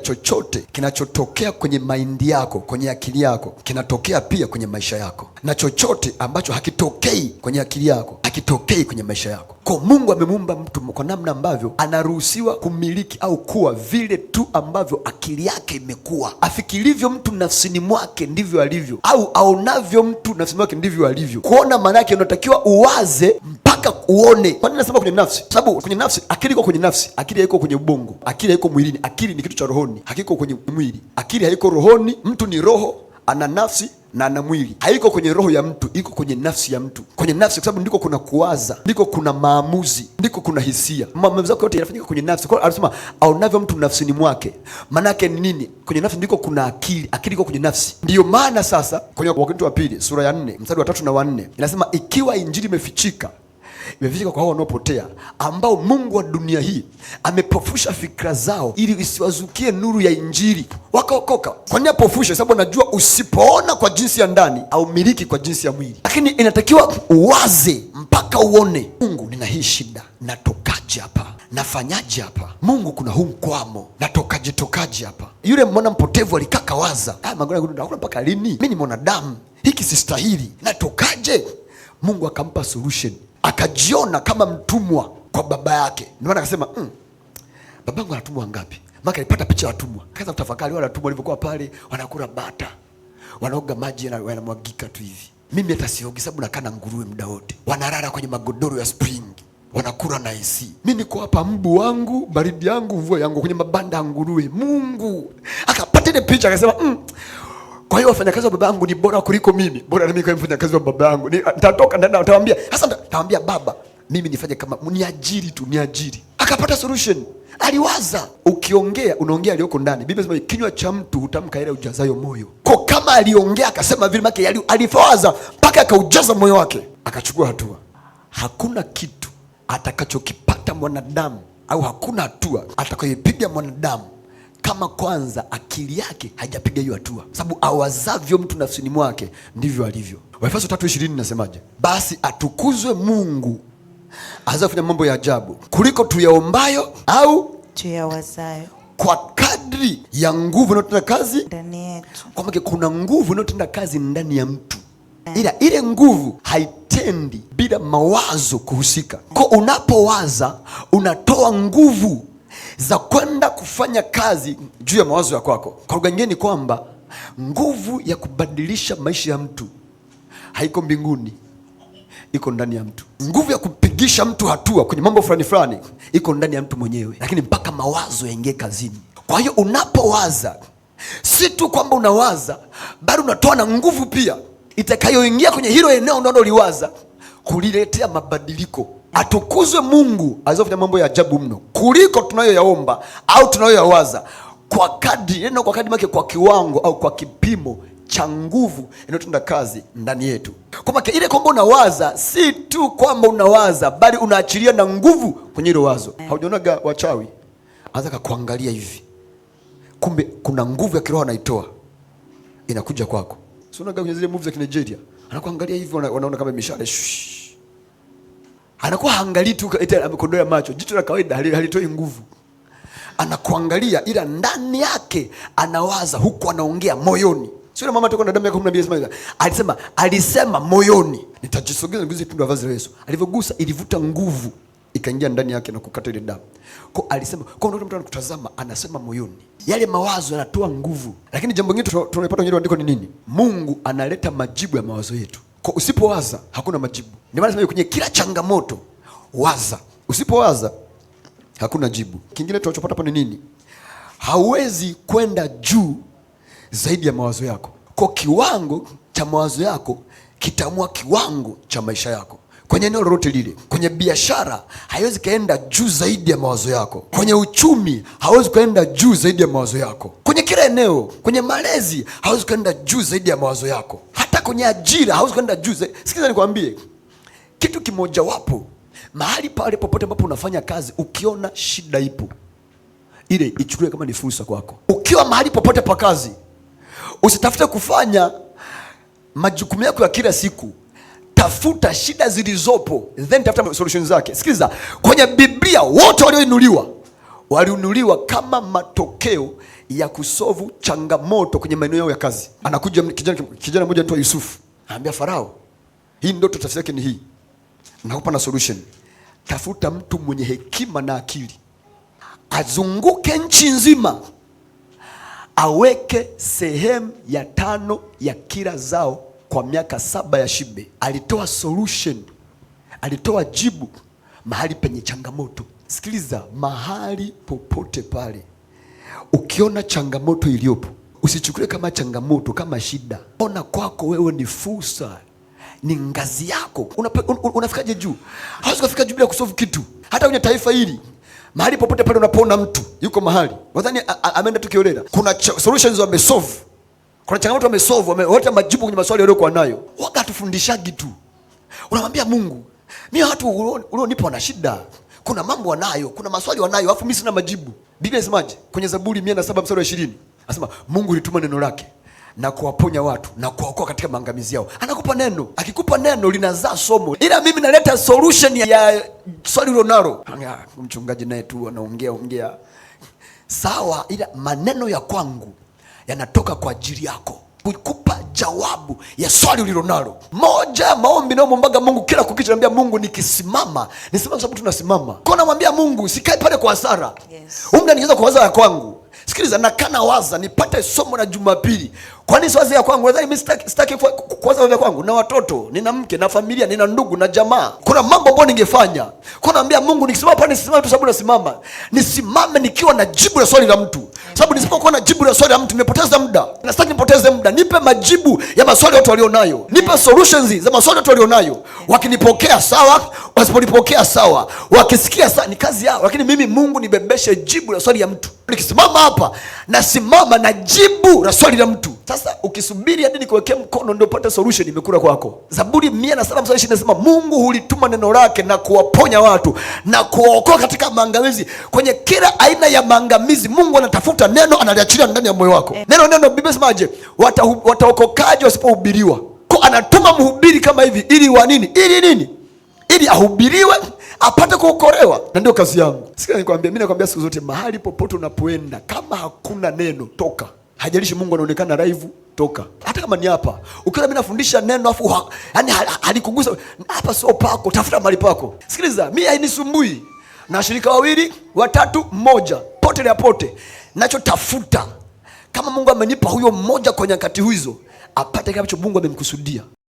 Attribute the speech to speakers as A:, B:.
A: Chochote kinachotokea kwenye maindi yako kwenye akili yako kinatokea pia kwenye maisha yako, na chochote ambacho hakitokei kwenye akili yako hakitokei kwenye maisha yako. Kwa Mungu amemuumba mtu kwa namna ambavyo anaruhusiwa kumiliki au kuwa vile tu ambavyo akili yake imekuwa. Afikirivyo mtu nafsini mwake ndivyo alivyo, au aonavyo mtu nafsini mwake ndivyo alivyo. Kuona maana yake unatakiwa uwaze mpaka uone. Kwa nini nasema kwenye nafsi? Sababu kwenye nafsi, akili iko kwenye nafsi, akili haiko kwenye ubongo, akili haiko mwilini. Akili ni kitu cha rohoni, hakiko kwenye mwili. Akili haiko rohoni, mtu ni roho, ana nafsi na ana mwili haiko kwenye roho ya mtu, iko kwenye nafsi ya mtu. Kwenye nafsi, kwa sababu ndiko kuna kuwaza, ndiko kuna maamuzi, ndiko kuna hisia. Maamuzi yako yote yanafanyika kwenye nafsi. Kwa hiyo anasema aonavyo mtu nafsini mwake, maana yake ni nini? Kwenye nafsi ndiko kuna akili, akili iko kwenye nafsi. Ndiyo maana sasa kwenye Wakorintho wa pili sura ya nne mstari wa tatu na wa nne inasema, ikiwa injili imefichika imefika kwa hao wanaopotea ambao Mungu wa dunia hii amepofusha fikra zao ili isiwazukie nuru ya Injili wakaokoka. Kwa nini apofusha? Sababu anajua usipoona kwa jinsi ya ndani miliki kwa jinsi ya mwili, lakini inatakiwa uwaze mpaka uone, Mungu, nina hii shida, natokaje hapa? Nafanyaje hapa? Mungu, kuna huu mkwamo, natokaje tokaje hapa? Yule mwana mpotevu alikaa kawaza, ah, mpaka lini? Mi ni mwanadamu, hiki sistahili, natokaje? Mungu akampa solution akajiona kama mtumwa kwa baba yake. Ndio maana akasema mm, babangu anatumwa ngapi? Maka alipata picha ya watumwa, akaanza kutafakari wale watumwa walivyokuwa pale, wanakula bata, wanaoga maji na wanamwagika tu hivi. Mimi hata siogi, sababu nakaa na nguruwe muda wote, wanalala kwenye magodoro ya spring wanakula na AC. Mimi niko hapa, mbu wangu, baridi yangu, mvua yangu, kwenye mabanda ya nguruwe. Mungu akapata ile picha akasema, mm, kwa hiyo wafanyakazi wa baba yangu ni bora kuliko mimi, bora na mimi kwa mfanyakazi wa baba yangu. Nitatoka ndani, nitawaambia hasa, nitawaambia baba, mimi nifanye kama niajiri tu, niajiri. Akapata solution, aliwaza. Ukiongea unaongea aliyoko ndani. Biblia inasema kinywa cha mtu hutamka yale ujazayo moyo. Kwa kama aliongea akasema vile, make alifawaza mpaka akaujaza moyo wake, akachukua hatua. Hakuna kitu atakachokipata mwanadamu au hakuna hatua atakayoipiga mwanadamu kama kwanza akili yake haijapiga hiyo hatua, sababu awazavyo mtu nafsini mwake ndivyo alivyo. Waefeso tatu ishirini nasemaje? Basi atukuzwe Mungu kufanya mambo ya ajabu kuliko tuyaombayo au
B: tuyawazayo,
A: kwa kadri ya nguvu inayotenda kazi ndani yetu. Kwa maana kuna nguvu inayotenda kazi ndani ya mtu, eh. ila ile nguvu haitendi bila mawazo kuhusika. Kwa unapowaza unatoa nguvu za kwenda kufanya kazi juu ya mawazo ya kwako. Kwa lugha nyingine ni kwamba nguvu ya kubadilisha maisha ya mtu haiko mbinguni, iko ndani ya mtu. Nguvu ya kupigisha mtu hatua kwenye mambo fulani fulani iko ndani ya mtu mwenyewe, lakini mpaka mawazo yaingie kazini. Kwa hiyo unapowaza, si tu kwamba unawaza, bali unatoa na nguvu pia itakayoingia kwenye hilo eneo unaloliwaza kuliletea mabadiliko atukuzwe Mungu alizofanya mambo ya ajabu mno kuliko tunayoyaomba au tunayoyawaza, kwa kadri neno kwa kadri make, kwa kiwango au kwa kipimo cha nguvu inayotenda kazi ndani yetu. maana ile kwamba unawaza, si tu kwamba unawaza, bali unaachilia na nguvu kwenye ile wazo. Haujaonaga wachawi anza kakuangalia hivi, kumbe kuna nguvu ya kiroho anaitoa inakuja kwako. unaga kwenye zile movie za Nigeria, anakuangalia hivi, wanaona kama mishale anakuwa haangalii tu eti amekodolea macho, jicho la kawaida halitoi nguvu, anakuangalia ila ndani yake anawaza huku anaongea moyoni. Sio mama toka na damu ya 12 alisema alisema moyoni, nitajisogeza niguze tundu la vazi la Yesu. Alivyogusa ilivuta nguvu ikaingia ndani yake na kukata ile damu. Kwa alisema kwa ndio mtu anakutazama anasema moyoni. Yale mawazo yanatoa nguvu. Lakini jambo lingine tunalipata kwenye andiko ni nini? Mungu analeta majibu ya mawazo yetu. Kwa usipowaza hakuna majibu. Ndio maana nasema kwenye kila changamoto waza. Usipowaza hakuna jibu. Kingine tunachopata hapa ni nini? Hauwezi kwenda juu zaidi ya mawazo yako. Kwa kiwango cha mawazo yako kitamua kiwango cha maisha yako kwenye eneo lolote lile. Kwenye biashara haiwezi kaenda juu zaidi ya mawazo yako. Kwenye uchumi hawezi ukaenda juu zaidi ya mawazo yako. Kwenye kila eneo, kwenye malezi hawezi kaenda juu zaidi ya mawazo yako hata kwenye ajira hauwezi kwenda juu. Sikiza nikwambie kitu kimojawapo, mahali pale popote ambapo unafanya kazi, ukiona shida ipo ile ichukue kama ni fursa kwako. Ukiwa mahali popote pa kazi, usitafute kufanya majukumu yako ya kila siku, tafuta shida zilizopo, then tafuta solution zake. Sikiza, kwenye Biblia wote walioinuliwa waliunuliwa kama matokeo ya kusovu changamoto kwenye maeneo yao ya kazi. Anakuja kijana, kijana mmoja anaitwa Yusufu, anaambia Farao, hii ndoto tafsiri yake ni hii, nakupa na solution. Tafuta mtu mwenye hekima na akili, azunguke nchi nzima, aweke sehemu ya tano ya kila zao kwa miaka saba ya shibe. Alitoa solution, alitoa jibu mahali penye changamoto. Sikiliza, mahali popote pale ukiona changamoto iliyopo, usichukulie kama changamoto, kama shida. Ona kwako wewe ni fursa, ni ngazi yako. Unafikaje? Un, unafika juu? Hawezi kufika juu bila kusolve kitu. Hata kwenye taifa hili, mahali popote pale unapoona mtu yuko mahali, wadhani ameenda tu kiolela, kuna solutions wamesolve, kuna changamoto wamesolve, wameleta majibu kwenye maswali yaliyokuwa nayo. Waga tufundishagi tu, unamwambia Mungu, mimi watu ulionipa wana shida kuna mambo wanayo, kuna maswali wanayo, alafu mimi sina majibu. Biblia inasemaje? Kwenye Zaburi 107 mstari wa 20. Anasema Mungu lituma neno lake na kuwaponya watu na kuwaokoa katika maangamizi yao. Anakupa neno, akikupa neno linazaa somo, ila mimi naleta solution ya swali ulionalo. Mchungaji naye tu anaongea ongea, sawa, ila maneno ya kwangu yanatoka kwa ajili yako jawabu ya swali ulilonalo. Moja ya maombi nayomwombaga Mungu kila kukicha, naambia Mungu nikisimama nisimama, kwa sababu tunasimama ko, namwambia Mungu sikae pale kwa hasara, yes. umda nicheza kwa hasara ya kwangu Sikiliza, nakana waza nipate somo na Jumapili. Kwa nini siwaze ya kwangu? Nadhani mimi sitaki kuwaza ya kwangu, na watoto nina mke na familia nina ndugu na jamaa, kuna mambo ambayo ningefanya. Kwa naambia Mungu nikisimama pale, nisimame tu sababu nasimama, nisimame nikiwa na jibu la swali la mtu sababu nisipokuwa na jibu la swali la mtu nimepoteza muda. Nasitaki nipoteze muda, nipe majibu ya maswali watu walionayo, nipe solutions za maswali watu walionayo. Wakinipokea sawa, wasipolipokea sawa, wakisikia sawa, ni kazi yao, lakini mimi Mungu nibebeshe jibu la swali ya mtu. Nikisimama hapa nasimama na jibu la swali la mtu. Sasa ukisubiri hadi nikuwekee mkono ndio upate solution, imekula kwako. Zaburi mia na saba mstari nasema Mungu hulituma neno lake na kuwaponya watu na kuwaokoa katika maangamizi. Kwenye kila aina ya maangamizi, Mungu anatafuta neno, analiachilia ndani ya moyo wako neno neno. Biblia semaje? Wataokokaje wasipohubiriwa? anatuma mhubiri kama hivi ili wa nini? Ili nini? ili ahubiriwe apate kuokolewa, na ndio kazi yangu. Sikia nikwambia, mimi nakwambia siku zote, mahali popote unapoenda, kama hakuna neno, toka. Hajalishi Mungu anaonekana live, toka. Hata kama ni hapa, ukiona mimi nafundisha neno afu yani halikugusa hapa, sio pako, tafuta mahali pako. Sikiliza, mimi hainisumbui na washirika wawili watatu, mmoja pote na pote, nachotafuta kama Mungu amenipa huyo mmoja kwa nyakati hizo, apate kile ambacho Mungu amemkusudia.